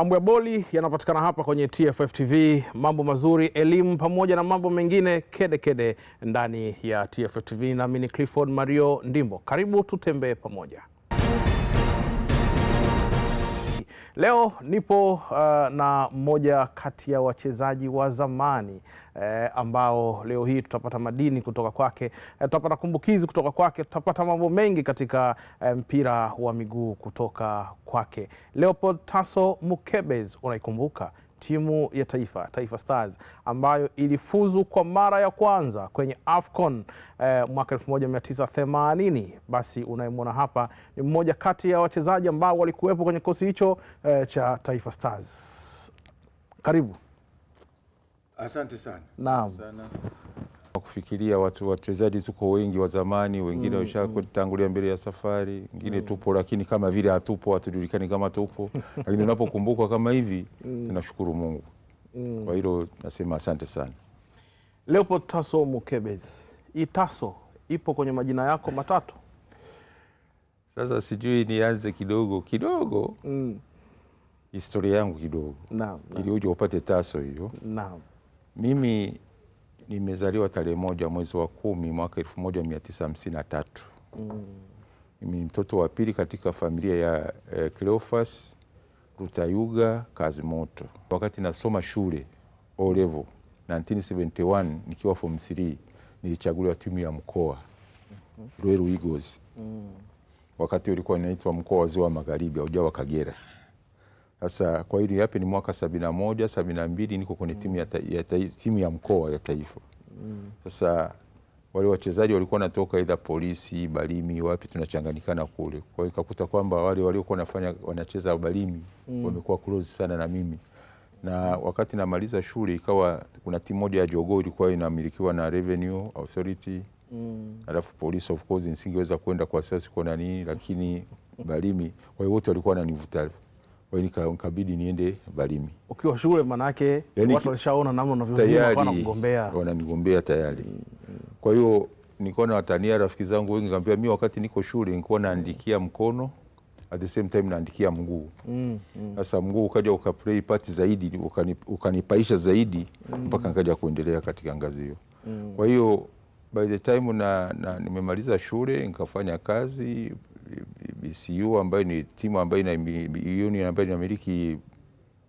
Mambo ya boli yanapatikana hapa kwenye TFF TV, mambo mazuri, elimu pamoja na mambo mengine kedekede kede ndani ya TFF TV. Nami ni Clifford Mario Ndimbo, karibu tutembee pamoja. Leo nipo uh, na mmoja kati ya wachezaji wa zamani eh, ambao leo hii tutapata madini kutoka kwake eh, tutapata kumbukizi kutoka kwake, tutapata mambo mengi katika eh, mpira wa miguu kutoka kwake. Leopold Taso Mukebezi, unaikumbuka timu ya taifa Taifa Stars ambayo ilifuzu kwa mara ya kwanza kwenye AFCON eh, mwaka 1980. Basi unayemwona hapa ni mmoja kati ya wachezaji ambao walikuwepo kwenye kikosi hicho eh, cha Taifa Stars. Karibu. Asante sana. Naam. Sana kufikiria watu wachezaji tuko wengi wa zamani, wengine mm, washatangulia mm. mbele ya safari, wengine mm, tupo lakini kama vile hatupo, hatujulikani kama tupo lakini unapokumbukwa kama hivi mm, tunashukuru Mungu mm. Kwa hilo nasema asante sana. Leopold Taso Mukebezi, hii Taso ipo kwenye majina yako matatu. Sasa sijui nianze kidogo kidogo mm. historia yangu kidogo, ili uje upate Taso hiyo. Naam, mimi nimezaliwa tarehe moja mwezi wa kumi mwaka elfu moja 1953. Mm. Mimi ni mtoto wa pili katika familia ya eh, Cleophas Rutayuga Kazimoto. Wakati nasoma shule O level 1971 nikiwa form 3 nilichaguliwa timu ya mkoa mm-hmm. Rueru Eagles. Mm. Wakati ulikuwa inaitwa mkoa wa Ziwa Magharibi au Kagera. Sasa kwa hiyo yapi ni mwaka sabini na moja sabini na mbili niko kwenye timu ya, ta, ya, ta, timu ya mkoa ya taifa. Sasa wale wachezaji walikuwa wanatoka aidha polisi Balimi wapi, tunachanganyikana kule. Kwa hiyo ikakuta kwamba wale waliokuwa wanafanya wanacheza Balimi mm. wamekuwa close sana na mimi, na wakati namaliza shule ikawa kuna timu moja ya jogoo ilikuwa inamilikiwa na Revenue Authority mm. alafu polisi, of course nisingeweza kwenda kwa sasa kwa nini, lakini Balimi, kwa hiyo wote walikuwa wananivuta kwa hiyo nikabidi niende Balimi. Ukiwa shule manake yani, watu walishaona namna unavyozima wanakugombea. Wananigombea tayari. Kwa hiyo na watania rafiki zangu wengi kaambia mimi wakati niko shule nilikuwa naandikia mkono at the same time naandikia mguu. Sasa mm, mm. mguu ukaja ukaplay part zaidi ukanipaisha ukani zaidi mm. mpaka mm. nikaja kuendelea katika ngazi hiyo. Mm. Kwa hiyo by the time na, na nimemaliza shule nikafanya kazi BCU ambayo ni timu ambayo ina union ambayo inamiliki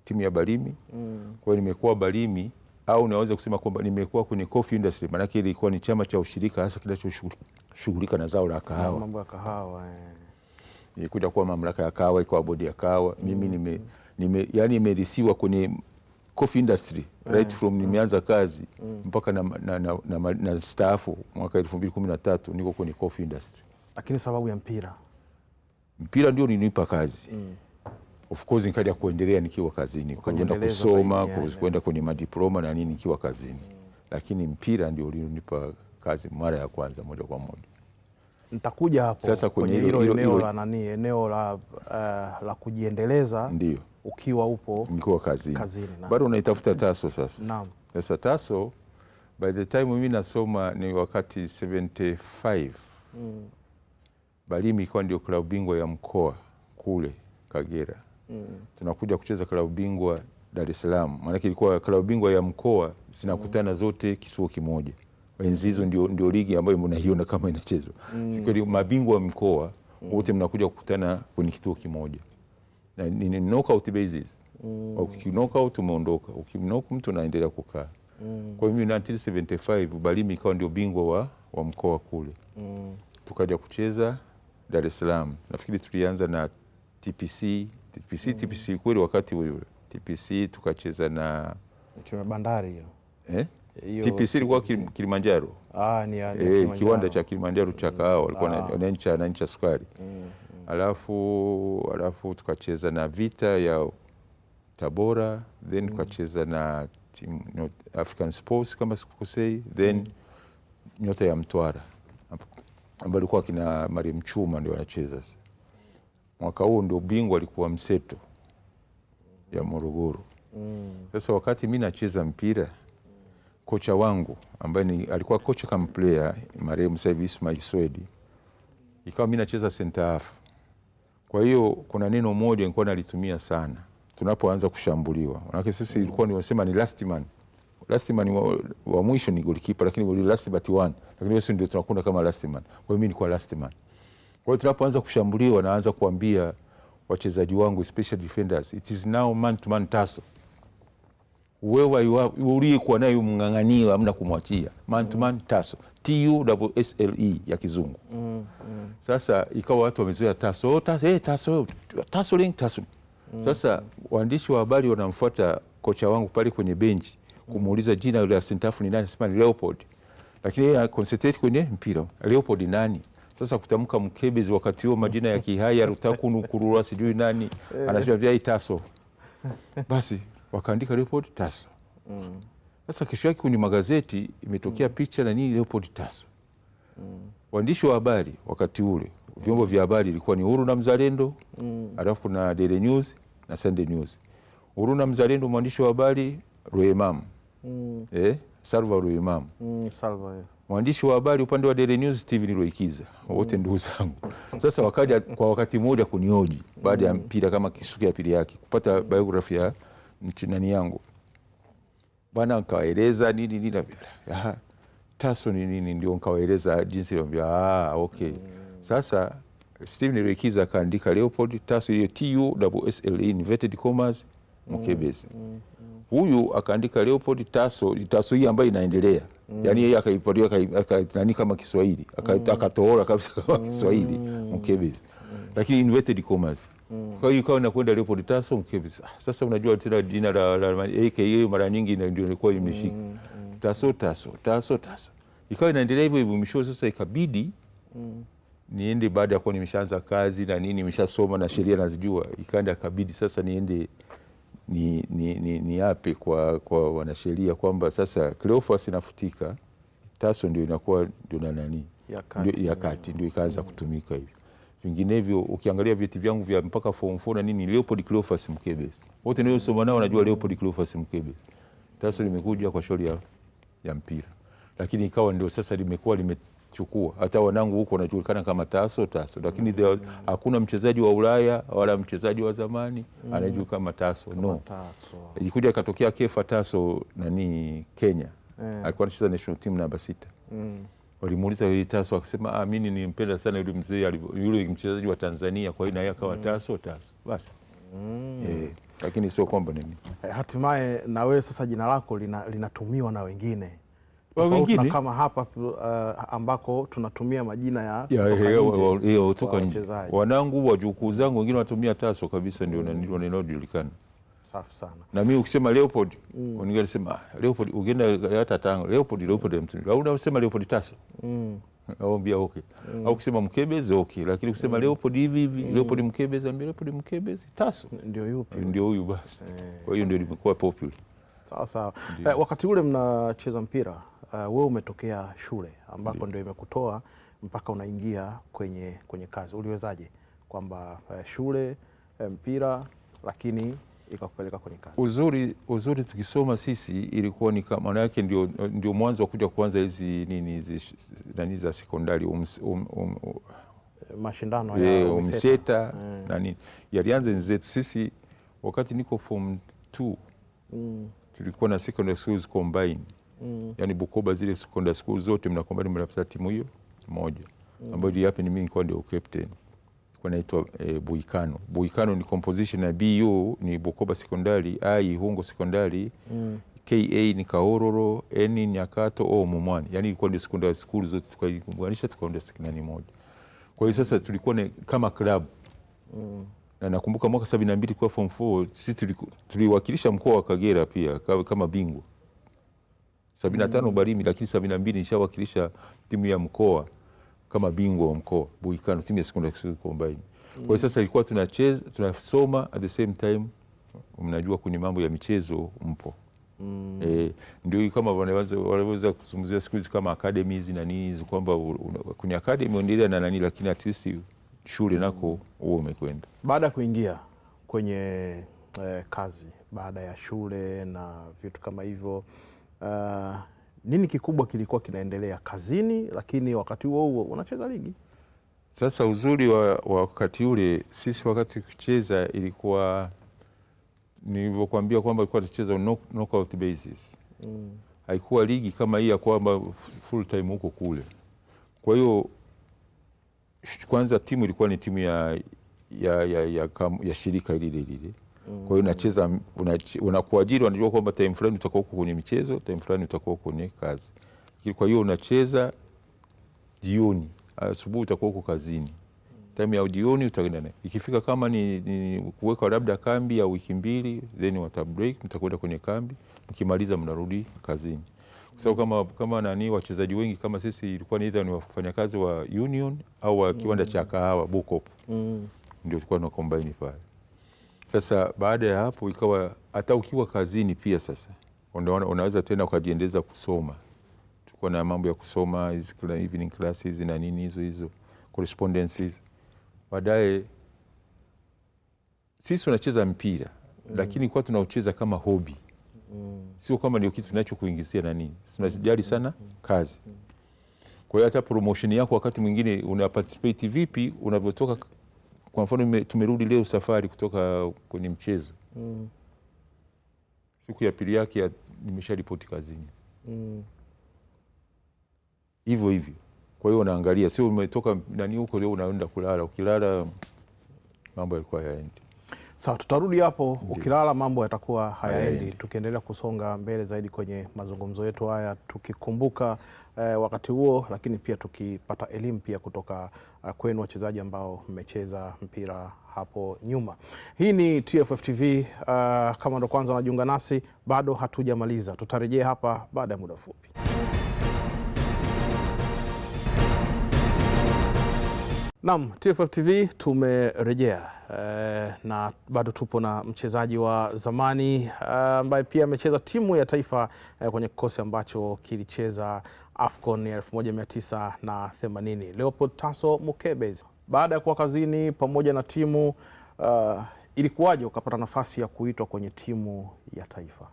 timu ya Balimi mm. Kwa hiyo nimekuwa Balimi au naweza kusema kwamba nimekuwa kwenye coffee industry, maanake ilikuwa ni chama cha ushirika hasa kinachoshughulika na zao la kahawa, mambo ya kahawa eh. ilikuja kuwa mamlaka ya kahawa, ikawa bodi ya kahawa mm. Mimi nime, nime, yani nimerisiwa kwenye coffee industry mm. right mm. from nimeanza kazi mm. mpaka na, na, na, na, na na staafu mwaka 2013 niko kwenye coffee industry, lakini sababu ya mpira mpira ndio ninipa kazi mm. Of course nikaja kuendelea nikiwa kazini kwenda kusoma kwenda kwenye madiploma na nini nikiwa kazini mm. Lakini mpira ndio ulinipa kazi mara ya kwanza moja kwa moja. Nitakuja hapo sasa kwenye hilo eneo la nani, eneo la uh, la kujiendeleza ndio ukiwa upo nikiwa kazini, kazini bado unaitafuta Taso sasa. Naam. Sasa Taso by the time mimi nasoma ni wakati 75 mm. Balimi ilikuwa ndio klabu bingwa ya mkoa kule Kagera mm. tunakuja kucheza klabu bingwa Dar es Salaam, maanake ilikuwa klabu bingwa ya mkoa zinakutana mm. zote kituo kimoja enzi hizo ndio, ndio ligi ambayo mnaiona kama inachezwa mm. siku ile Mabingwa wa mkoa mm. wote mm. mnakuja kukutana kwenye kituo kimoja na ni knockout basis mm. knockout umeondoka, ukimnock mtu naendelea kukaa mm. Kwa hiyo 1975 Balimi ikawa ndio bingwa wa, wa mkoa kule mm. tukaja kucheza Dar es Salaam, nafikiri tulianza na TPC TPC mm. TPC kweli wakati ule TPC tukacheza na Bandari hiyo eh? TPC ilikuwa Kilimanjaro. Ah, ni ya eh, Kilimanjaro. kiwanda cha Kilimanjaro cha kahawa walikuwa na ah. nancha sukari mm, mm. Alafu, alafu tukacheza na Vita ya Tabora then mm. tukacheza na team, African Sports kama sikukosei then mm. Nyota ya Mtwara ambao alikuwa kina Mariam Chuma ndio wanacheza sasa. Mwaka huu ndio bingwa alikuwa Mseto ya Morogoro. Sasa wakati mi nacheza mpira, kocha wangu ambaye ni alikuwa kocha kama player marehemu sasa hivi Ismail Swedi, ikawa mi nacheza center half. Kwa hiyo kuna neno moja nilikuwa nalitumia sana tunapoanza kushambuliwa, manake sisi ilikuwa ni wasema ni last man last man wa, wa mwisho ni golikipa, lakini wali last but one, lakini wewe ndio tunakunda kama last man. Kwa hiyo ni kwa last man. Kwa hiyo tunapoanza kushambuliwa, naanza kuambia wachezaji wangu special defenders, it is now man to man tussle. Wewe uliyekuwa naye mng'ang'ania amna kumwachia, man to man tussle, T U W S L E ya kizungu. Sasa ikawa watu wamezoea tussle, oh, eh, tussle, tussle, tussling, tussle. Sasa waandishi wa habari wanamfuata kocha wangu pale kwenye benchi kumuuliza jina yule asentafu ni nani, sema ni Leopold, lakini yeye concentrate kwenye mpira. Leopold nani? Sasa kutamka mkebezi wakati huo majina ya Kihaya, Rutakunu, Nukurura, sijui nani, eh. anasema Taso. Basi wakaandika Leopold Taso. Mm. Sasa kesho yake kwenye magazeti imetokea mm. picha na nini, Leopold Taso. Mm. Waandishi wa habari wakati ule, vyombo vya habari ilikuwa ni Uhuru na Mzalendo, alafu kuna Daily News na Sunday News. Uhuru na Mzalendo, mwandishi wa habari Ruemamu mm. eh, Salva Ruimam mm, Salva yeah. Mwandishi wa habari upande wa Daily News TV niloikiza wote mm. ndugu zangu. Sasa wakaja kwa wakati mmoja kunioji baada ya mm. mpira kama siku ya pili yake kupata mm. biografia ya mchinani yangu bwana, nikawaeleza nini nini, Taso ni nini, ndio nikawaeleza jinsi nilivyo. Ah, okay. Mm. Sasa Steven Roikiza akaandika Leopold Taso, hiyo T U e, inverted commas mm, Mkebezi. mm. mm huyu akaandika Leopold Taso, Taso hii ambayo inaendelea mm. Yani yeye akaipolia akaitani kama Kiswahili mm. akatoora aka kabisa kama mm. Kiswahili mm. mkebezi mm. lakini inverted commas mm. kwa hiyo ikawa inakwenda Leopold Tasso mkebezi. Ah, sasa unajua tena jina la, la AKA mara nyingi ndio ilikuwa imeshika mm. mm. Taso Taso Taso Taso ikawa inaendelea hivyo hivyo, mwisho sasa ikabidi mm niende baada ya kuwa nimeshaanza kazi na nini, nimeshasoma na sheria nazijua, ikaenda kabidi sasa niende ni, ni, ni, ni yapi kwa, kwa wanasheria kwamba sasa Cleophas inafutika, Taso ndio inakuwa ndio na nani ya kati ndio ikaanza mm. kutumika hivyo. Vinginevyo ukiangalia vyeti vyangu vya mpaka form 4 na nini, Leopold Cleophas Mkebes, wote niliosoma nao wanajua Leopold Cleophas Mkebes. Taso limekuja kwa shauri ya, ya mpira, lakini ikawa ndio sasa limekuwa lime chukua. Hata wanangu huko wanajulikana kama Taso Taso, lakini mm hakuna mchezaji wa Ulaya wala mchezaji wa zamani mm anajulikana kama Taso, kama no. Ilikuja katokea Kefa Taso nani Kenya yeah. alikuwa anacheza national team namba sita mm. Walimuuliza yule Taso akasema, ah, mimi nilimpenda sana yule mzee yule mchezaji wa Tanzania, kwa hiyo naye akawa mm. Taso Taso basi mm. eh, lakini sio kwamba nini, eh, hatimaye na wewe sasa jina lako linatumiwa lina na wengine wa wengine kama hapa uh, ambako tunatumia majina ya ya hiyo kutoka nje. Wanangu wajukuu zangu wengine wanatumia taso kabisa, ndio mm. wanaojulikana. Safi sana. Na mimi ukisema Leopold, mm. ungeni sema ah, Leopold, ukienda hata Tanga, Leopold Leopold mtu. Au unasema Leopold taso. Mm. naomba okay. Mm. Au ukisema Mkebezi okay, lakini ukisema mm. Leopold hivi hivi, mm. Leopold Mkebezi ambaye Leopold Mkebezi taso. Ndio yupi? Eh, ndio huyu basi. eh. Kwa hiyo ndio limekuwa popular. Sawa sawa. Eh, Wakati ule mnacheza mpira uh, wewe umetokea shule ambako ndio imekutoa mpaka unaingia kwenye, kwenye kazi, uliwezaje kwamba uh, shule uh, mpira lakini ikakupeleka kwenye kazi? Uzuri, uzuri tukisoma sisi ilikuwa ni maana yake ndio, ndio mwanzo wa kuja kuanza hizi nini hizi nani za sekondari um, um, um, mashindano ya UMSETA mm. na nini yalianza nzetu sisi wakati niko form 2 mm. tulikuwa na secondary schools combined mm. yani Bukoba zile secondary school zote mnakombani mnapata timu hiyo moja mm. ambayo yapi ni mimi nilikuwa ndio captain kwa naitwa e, eh, Buikano. Buikano ni composition na BU ni Bukoba sekondari, ai Hungo sekondari mm. KA ni Kahororo, N ni Nyakato, O Mumwani. Yani ilikuwa ndio sekondari school zote tukaunganisha tukaenda sekondari moja. Kwa hiyo sasa tulikuwa ni kama club mm. na nakumbuka mwaka 72 kwa form 4 sisi tuliwakilisha mkoa wa Kagera pia kama bingwa sabini na tano mm. Ubarimi, lakini sabini na mbili nishawakilisha timu ya mkoa kama bingwa wa mkoa Buikano, timu ya sekondari combine. Kwa hiyo mm. sasa ilikuwa tunacheza tunasoma at the same time, mnajua kwenye mambo ya michezo mpo Mm. E, ndio kama wanavyoweza kuzungumzia siku hizi kama academies na nini kwamba kwenye academy unaendelea na nani, lakini at least shule mm. nako huo umekwenda. Baada ya kuingia kwenye eh, kazi baada ya shule na vitu kama hivyo uh, nini kikubwa kilikuwa kinaendelea kazini, lakini wakati huo huo unacheza ligi. Sasa uzuri wa, wa wakati ule sisi wakati kucheza ilikuwa nilivyokuambia kwamba ilikuwa tucheza knockout basis mm. Haikuwa ligi kama hii ya kwamba full time huko kule. Kwa hiyo kwanza timu ilikuwa ni timu ya, ya, ya, ya, ya, ya shirika lile lile kwa hiyo nacheza, unakuajiri, unajua kwamba time fulani utakuwa huko kwenye michezo, time fulani utakuwa kwenye kazi. Kwa hiyo unacheza jioni, asubuhi utakuwa huko kazini, time ya jioni utaenda. Ikifika kama ni, ni kuweka labda kambi ya wiki mbili, then wata break, mtakwenda kwenye kambi, mkimaliza mnarudi kazini. Kwa sababu kama, kama nani wachezaji wengi kama sisi ilikuwa ni either ni wafanyakazi wa union au wa kiwanda mm. cha kahawa Bukop mm. ndio tulikuwa na combine pale. Sasa baada ya hapo ikawa hata ukiwa kazini pia sasa unaweza, unaweza tena ukajiendeleza kusoma. Tulikuwa na mambo ya kusoma evening classes na nini hizo hizo correspondences. Baadaye sisi tunacheza mpira mm. lakini kwa tunaocheza kama hobi mm. sio kama ndio kitu tunachokuingizia na nini, tunajali mm. sana mm. kazi. Mm. Kwa hiyo hata promotion yako wakati mwingine una participate vipi unavyotoka kwa mfano tumerudi leo safari kutoka kwenye mchezo mm. siku ya pili yake nimesha ripoti kazini mm. hivyo mm. hivyo. Kwa hiyo unaangalia, sio umetoka nani huko leo unaenda kulala, ukilala mambo yalikuwa yaendi Sawa, tutarudi hapo Ukilala mambo yatakuwa hayaendi, tukiendelea kusonga mbele zaidi kwenye mazungumzo yetu haya tukikumbuka eh, wakati huo, lakini pia tukipata elimu pia kutoka uh, kwenu wachezaji ambao mmecheza mpira hapo nyuma. Hii ni TFF TV. Uh, eh, kama ndo kwanza unajiunga nasi, bado hatujamaliza, tutarejea hapa baada ya muda mfupi. Naam, TFF TV tumerejea e, na bado tupo na mchezaji wa zamani eh, ambaye pia amecheza timu ya taifa e, kwenye kikosi ambacho kilicheza AFCON ya 1980 Leopold Taso Mukebezi. Baada ya kuwa kazini pamoja na timu uh, ilikuwaje ukapata nafasi ya kuitwa kwenye timu ya taifa?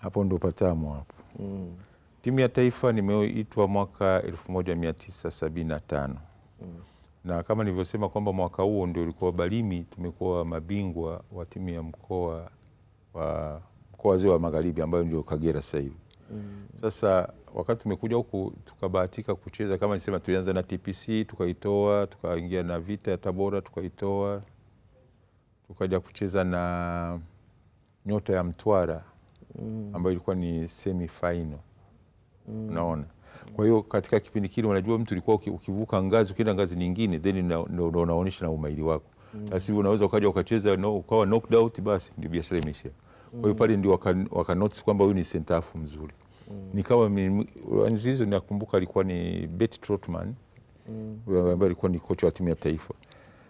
Hapo ndo patamu hapo. Mm. Timu ya taifa nimeitwa mwaka 1975. Mm na kama nilivyosema kwamba mwaka huo ndio ulikuwa Balimi tumekuwa mabingwa wa timu ya mkoa wa mkoa wa magharibi ambayo ndio Kagera sasa hivi. Mm. Sasa wakati tumekuja huku tukabahatika kucheza kama nilisema, tulianza na TPC tukaitoa, tukaingia na Vita ya Tabora tukaitoa, tukaja kucheza na Nyota ya Mtwara mm. ambayo ilikuwa ni semi final. Mm. Unaona? Kwa hiyo katika kipindi kile wanajua mtu ulikuwa ukivuka ngazi ukienda ngazi nyingine, then unaonyesha na umahiri wako mm. unaweza ukaja ukacheza no, ukawa knocked out, basi ndio biashara imeisha. Kwa hiyo mm. pale ndio waka notice kwamba huyu ni center half mzuri mm. nikawa hizo, nakumbuka alikuwa ni Bert Trotman mm. ambaye mm. alikuwa ni kocha wa timu ya taifa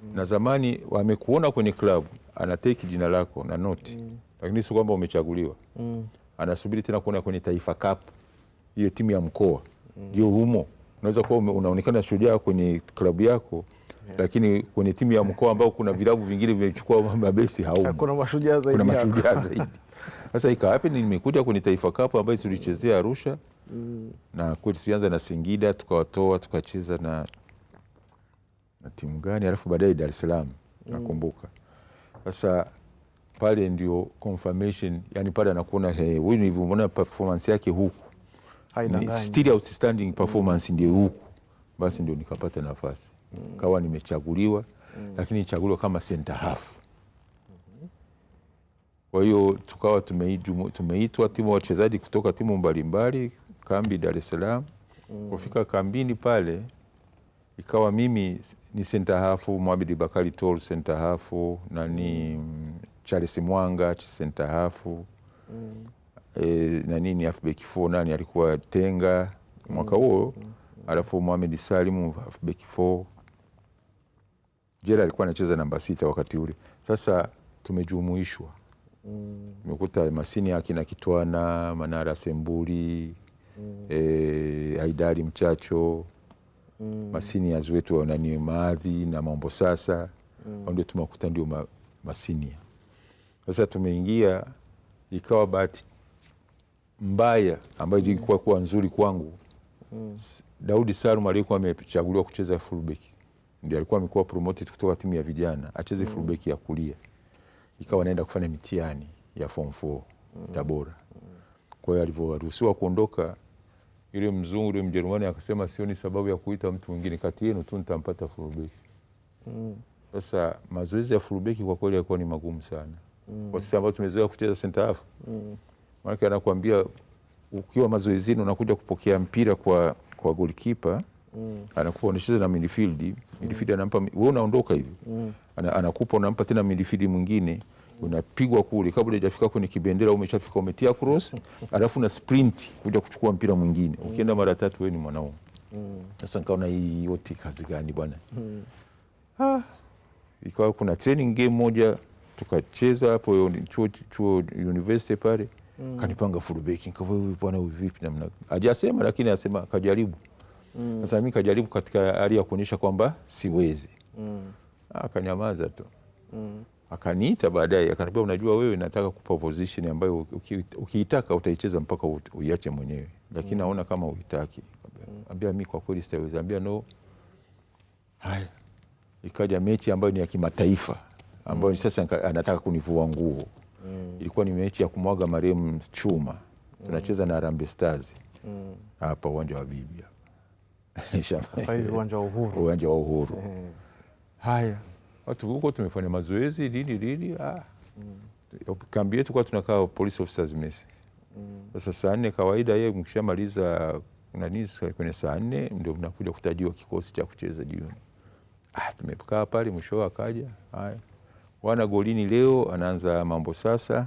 mm. na zamani wamekuona kwenye klabu anateki jina lako na noti mm. lakini sio kwamba umechaguliwa mm. anasubiri tena kuona kwenye Taifa Cup hiyo timu ya mkoa ndio mm. humo unaweza kuwa unaonekana shujaa kwenye klabu yako yeah. Lakini kwenye timu ya mkoa ambao kuna vilabu vingine vimechukua mabesi haumo, kuna mashujaa zaidi, kuna mashujaa zaidi. Sasa ikawapi nimekuja kwenye Taifa Cup ambayo tulichezea Arusha mm. na kweli tulianza na Singida tukawatoa tukacheza na, na timu gani alafu baadaye Dar es Salaam mm. nakumbuka sasa pale ndio confirmation, yani pale anakuona huyu hey, nilivyomwona performance yake huku still outstanding performance ndio huku, basi ndio nikapata nafasi mm. kawa nimechaguliwa mm. lakini nichaguliwa kama center half mm kwa hiyo tukawa tumeitwa timu wachezaji kutoka timu mbalimbali kambi Dar es Salaam mm. kufika kambini pale ikawa mimi ni center half, Mohamed Bakari Tol center hafu nani mm. Charles Mwanga center half mm e, na nini halfback 4 nani alikuwa Tenga mwaka huo mm alafu Mohamed Salim halfback 4 Jela alikuwa anacheza namba sita wakati ule. Sasa tumejumuishwa mm. mm. Masini akina Kitwana, Manara Semburi mm. e, Aidari Mchacho mm. Masini wetu nani maadhi na mambo sasa mm. ndio tumakuta ndio ma, Masini sasa tumeingia, ikawa bahati mbaya ambayo ilikuwa kuwa nzuri kwangu mm. Daudi Salum aliyekuwa amechaguliwa kucheza fullback ndio alikuwa amekuwa promoted kutoka timu ya vijana acheze mm. fullback ya kulia, ikawa naenda kufanya mitihani ya form 4 mm. Tabora mm. Kwa hiyo alivyoruhusiwa kuondoka yule mzungu yule Mjerumani akasema, sioni sababu ya kuita mtu mwingine kati yenu tu, nitampata fullback mm. sasa Mazoezi ya fullback kwa kweli yalikuwa ni magumu sana mm. kwa sisi ambao tumezoea kucheza center half mm maanake anakuambia ukiwa mazoezini unakuja kupokea mpira kwa, kwa golkipa mm. anakupa unacheza na midfield midfield mm. anampa we unaondoka hivi mm. Ana, anakupa unampa tena midfield mwingine unapigwa kule kabla hajafika kwenye kibendera umeshafika umetia cross alafu na sprint kuja kuchukua mpira mwingine mm. ukienda mara tatu wewe ni mwanaume mm. sasa mm. nikaona hii yote kazi gani bwana mm. ah ikawa kuna training game moja tukacheza hapo chuo, chuo university pale mm. kanipanga fullback nikawa hivi bwana vipi namna hajasema lakini asema kajaribu mm. sasa mimi kajaribu katika hali ya kuonyesha kwamba siwezi mm. Ah, akanyamaza tu mm. akaniita baadaye akaniambia unajua wewe nataka kupa position ambayo ukiitaka utaicheza mpaka uiache mwenyewe lakini mm. naona kama uitaki mm. ambia mimi kwa kweli sitaweza ambia no haya ikaja mechi ambayo ni ya kimataifa ambayo mm. sasa anataka kunivua nguo mm. ilikuwa ni mechi ya kumwaga marehemu chuma mm. tunacheza na Harambee Stars hapa mm. uwanja wa bibi uwanja wa Uhuru, uwanja wa Uhuru. Eh. Haya, watu huko tumefanya mazoezi lini lini, ah. mm. kambi yetu kwa tunakaa police officers mess sasa mm. saa nne kawaida, yeye mkishamaliza nani kwenye saa nne ndio mnakuja kutajiwa kikosi cha kucheza jioni. Ah, tumekaa pale, mwisho akaja haya wana golini leo anaanza mambo sasa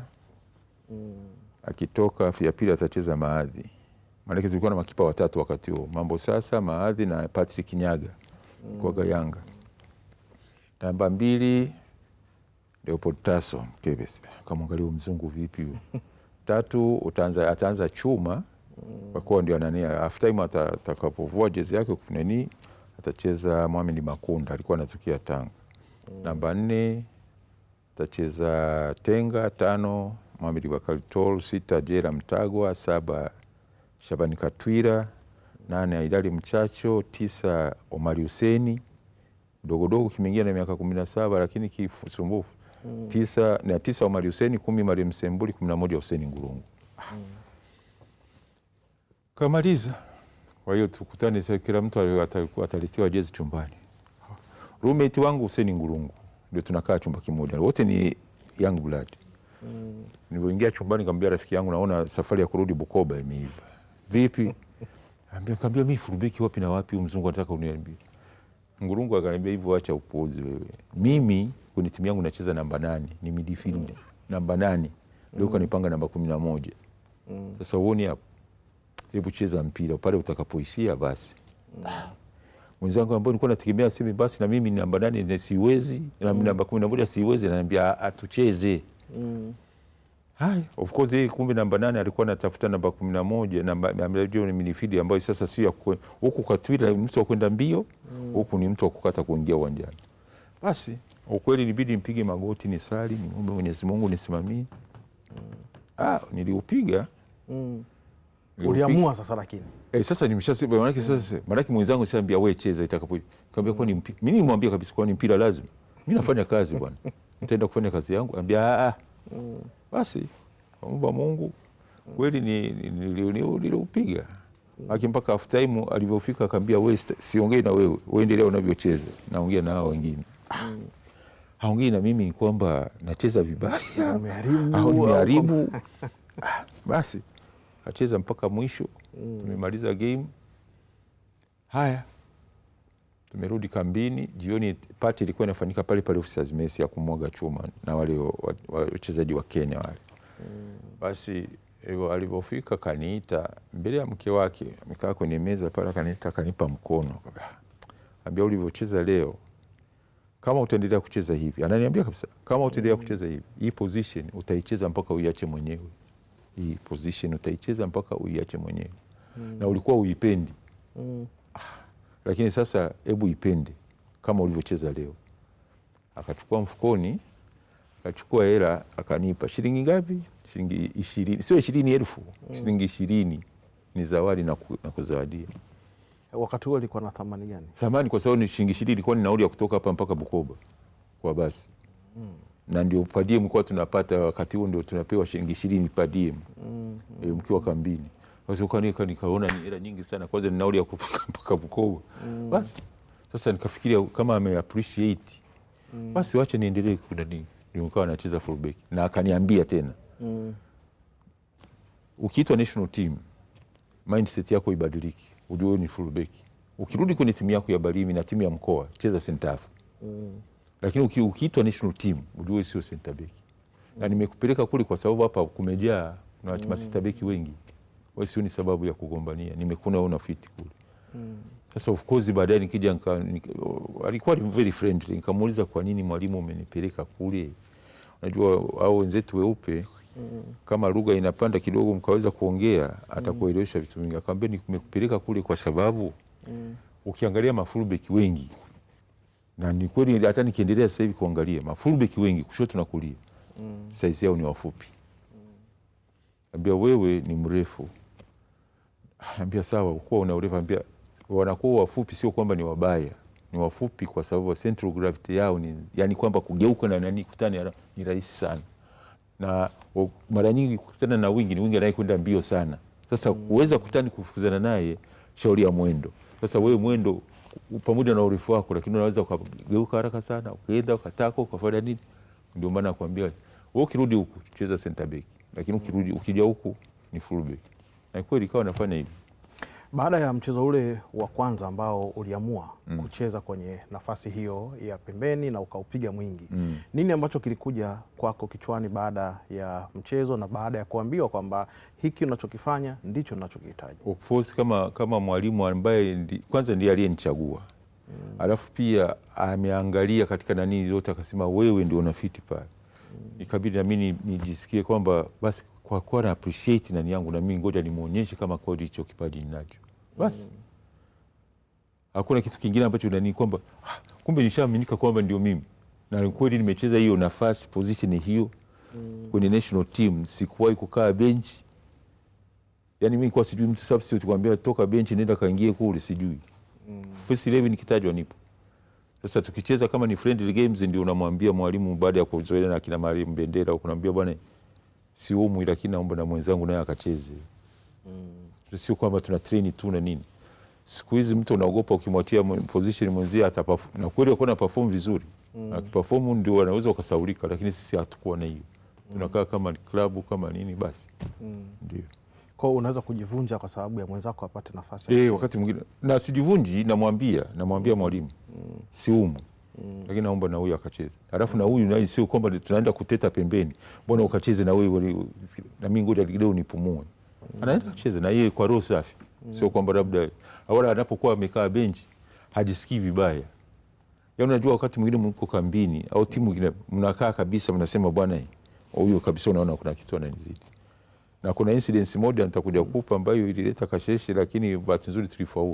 mm. Akitoka ya pili atacheza maadhi, maanake tulikuwa na makipa watatu wakati huo, mambo sasa, maadhi na Patrick Nyaga mm. kwa Yanga. Namba mbili Leopold Taso Kebes, kamwangalia mzungu vipi huyo? Tatu utaanza, ataanza chuma mm. kwa kuwa ndio anania half time atakapovua jezi yake kuneni, atacheza Mohamed Makunda alikuwa anatokea Tanga. mm. Namba nne Tacheza Tenga tano, Mohamed Bakari Tol sita, Jera Mtagwa saba, Shabani Katwira nane, Aidali Mchacho tisa, Omari Huseni dogodogo kimeingia na miaka kumi na saba lakini kisumbufu mm. tisa, na tisa Omari Huseni kumi, Mariam Sembuli kumi na moja, Huseni Ngurungu mm. kamaliza. Kwa hiyo tukutane, kila mtu atalitiwa jezi chumbani. Roommate wangu Huseni Ngurungu ndio tunakaa chumba kimoja, wote ni young blood mm. Nilipoingia chumbani nikamwambia rafiki yangu, naona safari ya kurudi Bukoba imeiva. Vipi? Nikamwambia mimi furubiki wapi na wapi, mzungu anataka uniambie. Ngurungu akaniambia hivyo, acha upozi wewe. Mimi kwenye timu yangu nacheza namba nane, ni midfield mm. namba nane leo mm. kanipanga namba kumi na moja mm. Sasa uone hapo, hebu cheza mpira pale utakapoishia basi mm mwenzangu ambao nilikuwa nategemea simi basi na mimi namba nane na siwezi na mm. namba kumi na moja siwezi, ananiambia atucheze. Mm. Hai, of course yeye kumbe namba nane alikuwa anatafuta namba kumi na moja namba ambayo ni midfield ambayo sasa sio huku kwa Twitter ni mtu akwenda mbio, mm. huku ni mtu akukata kuingia uwanjani. Basi ukweli nibidi nipige magoti nisali, niombe Mwenyezi Mungu nisimamie. Mm. Ah, niliupiga. Mm uliamua sasa lakini eh, sasa nimeshasema maana sasa maana mwenzangu siambia wewe cheza itakapo kaambia kwa ni mpira mimi nimwambia kabisa kwa ni mpira lazima mimi nafanya kazi bwana nitaenda kufanya kazi yangu ambia ah, ah basi omba Mungu kweli ni niliupiga aki mpaka half time alivyofika akaambia wewe siongei na wewe wewe endelea unavyocheza naongea na hao wengine ah. haongei na mimi ni kwamba nacheza vibaya au nimeharibu ah, basi akacheza mpaka mwisho mm. Tumemaliza game, haya tumerudi kambini jioni. Pati ilikuwa inafanyika pale pale officers mess ya kumwaga chuma na wale wachezaji wa, wa, wa Kenya wale mm. Basi alivyofika kaniita mbele ya mke wake, amekaa kwenye meza pale, kaniita kanipa mkono, ambia ulivyocheza leo kama utaendelea kucheza hivi, ananiambia kabisa, kama utaendelea mm. kucheza hivi, hii position utaicheza mpaka uiache mwenyewe hii position utaicheza mpaka uiache mwenyewe mm. na ulikuwa uipendi mm. ah, lakini sasa hebu ipende kama ulivyocheza leo. Akachukua mfukoni, akachukua hela, akanipa shilingi ngapi? Shilingi ishirini, sio ishirini elfu mm. shilingi ishirini ni zawadi na, ku, na kuzawadia. Wakati huo ilikuwa na thamani gani? Thamani kwa sababu ni shilingi ishirini ilikuwa ni nauli ya kutoka hapa mpaka Bukoba kwa basi mm na ndio padiem kuwa tunapata wakati huo, ndio tunapewa shilingi ishirini padiem mm, -hmm. e, mkiwa kambini. Sasa kanika nikaona ni hela nyingi sana, kwanza ni nauli ya kufika mpaka Bukoba mm. Basi sasa nikafikiria kama ame appreciate mm. Basi wacha niendelee kunani, nikawa nacheza fullback na akaniambia tena mm. Ukiitwa national team mindset yako ibadiliki, ujue ni fullback. Ukirudi kwenye timu yako ya barimi na timu ya mkoa, cheza sentafu mm lakini ukiitwa national team ujue sio center back, na nimekupeleka kule kwa sababu hapa kumejaa na mm. masita beki wengi, wewe sio ni sababu ya kugombania, nimekuona una fit kule mm. Sasa of course baadaye nikija nika, nika, alikuwa very friendly, nikamuuliza kwa nini mwalimu umenipeleka kule, unajua au wenzetu weupe Mm. Kama lugha inapanda kidogo mkaweza kuongea mm. atakuelewesha mm. vitu vingi. Akamwambia nimekupeleka kule kwa sababu mm. ukiangalia mafulbeki wengi na ni kweli, hata nikiendelea sasa hivi kuangalia mafulbeki wengi kushoto na kulia mm. saizi yao ni wafupi mm. ambia wewe ni mrefu, ambia sawa, kuwa una urefu, ambia wanakuwa wafupi, sio kwamba ni wabaya, ni wafupi kwa sababu central gravity yao ni yani kwamba kugeuka na nani kutana ni rahisi sana, na mara nyingi kukutana na wingi ni wingi kwenda mbio sana. Sasa kuweza mm. kutani kufukuzana naye, shauri ya mwendo. Sasa wewe mwendo pamoja na urefu wako, lakini unaweza ukageuka haraka sana, ukienda ukataka ukafanya nini. Ndio maana nakwambia wewe, ukirudi huku cheza center back, lakini ukirudi ukija huku ni full back, na kweli ikawa nafanya hivi baada ya mchezo ule wa kwanza ambao uliamua mm. kucheza kwenye nafasi hiyo ya pembeni na ukaupiga mwingi mm. nini ambacho kilikuja kwako kichwani baada ya mchezo na baada ya kuambiwa kwamba hiki unachokifanya ndicho unachokihitaji? Of course kama, kama mwalimu ambaye ndi, kwanza ndiye aliyenichagua mm. alafu pia ameangalia katika nani zote akasema wewe ndio unafiti pale mm. ikabidi nami nijisikie kwamba basi kwa kuwa na appreciate nani yangu na mimi, ngoja nimuonyeshe kama kweli hicho kipaji ninacho basi. mm. Hakuna kitu kingine ambacho nani kwamba ah, kumbe nishaaminika kwamba ndio mimi na kweli nimecheza hiyo nafasi position hiyo mm. kwenye national team, sikuwahi kukaa benchi yani mi kwa sijui mtu substitute kuambia toka benchi nenda kaingie kule sijui mm. first eleven kitajwa nipo. Sasa tukicheza kama ni friendly games, ndio unamwambia mwalimu baada ya kuzoea na kina mwalimu Bendera, unaambia bwana siumwi, lakini naomba na mwenzangu naye akacheze mm. Sio kwamba tuna treni tu na nini. Siku hizi mtu unaogopa ukimwatia position mwenzie ataperform, na kweli alikuwa anaperform vizuri mm. Akipafomu ndio anaweza ukasaulika, lakini sisi hatukuwa na hiyo mm. Tunakaa kama klabu kama nini basi mm. Ndio kwao unaweza kujivunja kwa sababu ya mwenzako apate nafasi e, wakati mwingine na sijivunji, namwambia namwambia mwalimu mm. siumwi mm. Lakini naomba na huyu akacheze, alafu na huyu na sio kwamba tunaenda kuteta pembeni, mbona ukacheze na huyu na mimi ngoja kidogo nipumue. mm. Anaenda kucheza na yeye kwa roho safi, mm. sio kwamba labda awala anapokuwa amekaa benchi hajisikii vibaya. Yaani unajua wakati mwingine mko kambini au timu nyingine mnakaa kabisa mnasema bwana huyo kabisa unaona kuna kitu ananizidi. Na kuna incident moja nitakuja kukupa ambayo ilileta kasheshe, lakini bahati nzuri tulifaulu.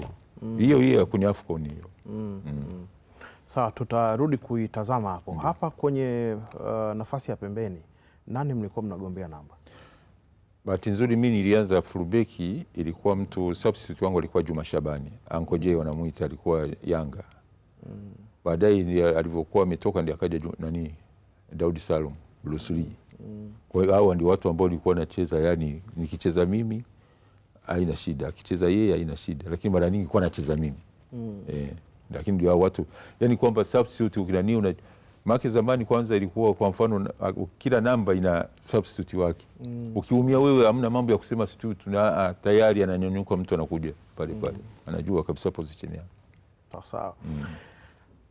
Hiyo mm. hiyo ya kwenye AFCON hiyo. Mm. mm. mm. Sawa, tutarudi kuitazama hapo. Ndiyo. Mm-hmm. Hapa kwenye uh, nafasi ya pembeni nani mlikuwa mnagombea namba? Bahati nzuri mi nilianza fulbeki, ilikuwa mtu substitute wangu alikuwa Juma Shabani, Anko J wanamuita, alikuwa Yanga mm. Baadaye alivyokuwa ametoka ndio akaja nani Daudi Salum Blusuli mm. Kwa hiyo hawa ndio watu ambao nilikuwa nacheza, yani nikicheza mimi haina shida, akicheza yeye haina shida, lakini mara nyingi kuwa nacheza mimi mm. eh lakini ndio watu yani kwamba substitute ukinani una maki zamani kwanza ilikuwa kwa mfano kila namba ina substitute wake. Mm. Ukiumia wewe amna mambo ya kusema na a, tayari ananyanyuka mtu anakuja pale pale. Mm. Anajua kabisa position yake. Sawa. Mm.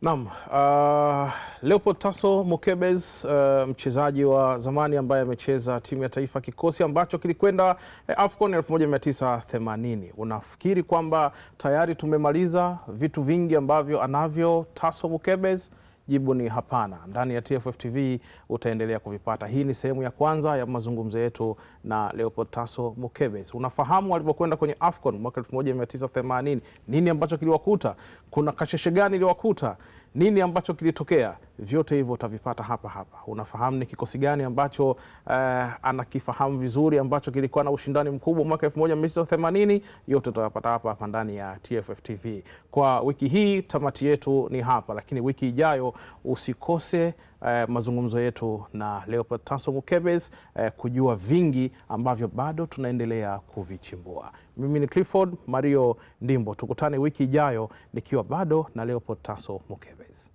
Naam, uh, Leopold Taso Mukebezi uh, eh, mchezaji wa zamani ambaye amecheza timu ya taifa kikosi ambacho kilikwenda eh, AFCON 1980. Unafikiri kwamba tayari tumemaliza vitu vingi ambavyo anavyo Taso Mukebezi? jibu ni hapana. Ndani ya TFF TV utaendelea kuvipata. Hii ni sehemu ya kwanza ya mazungumzo yetu na Leopold Taso Mukebezi. Unafahamu alivyokwenda kwenye AFCON mwaka 1980 nini ambacho kiliwakuta? Kuna kasheshe gani iliwakuta? nini ambacho kilitokea, vyote hivyo utavipata hapa hapa. Unafahamu ni kikosi gani ambacho uh, anakifahamu vizuri ambacho kilikuwa na ushindani mkubwa mwaka 1980 yote utayapata hapa hapa ndani ya TFF TV. Kwa wiki hii tamati yetu ni hapa, lakini wiki ijayo usikose eh, mazungumzo yetu na Leopold Taso Mukebezi eh, kujua vingi ambavyo bado tunaendelea kuvichimbua. Mimi ni Clifford Mario Ndimbo, tukutane wiki ijayo nikiwa bado na Leopold Taso Mukebezi.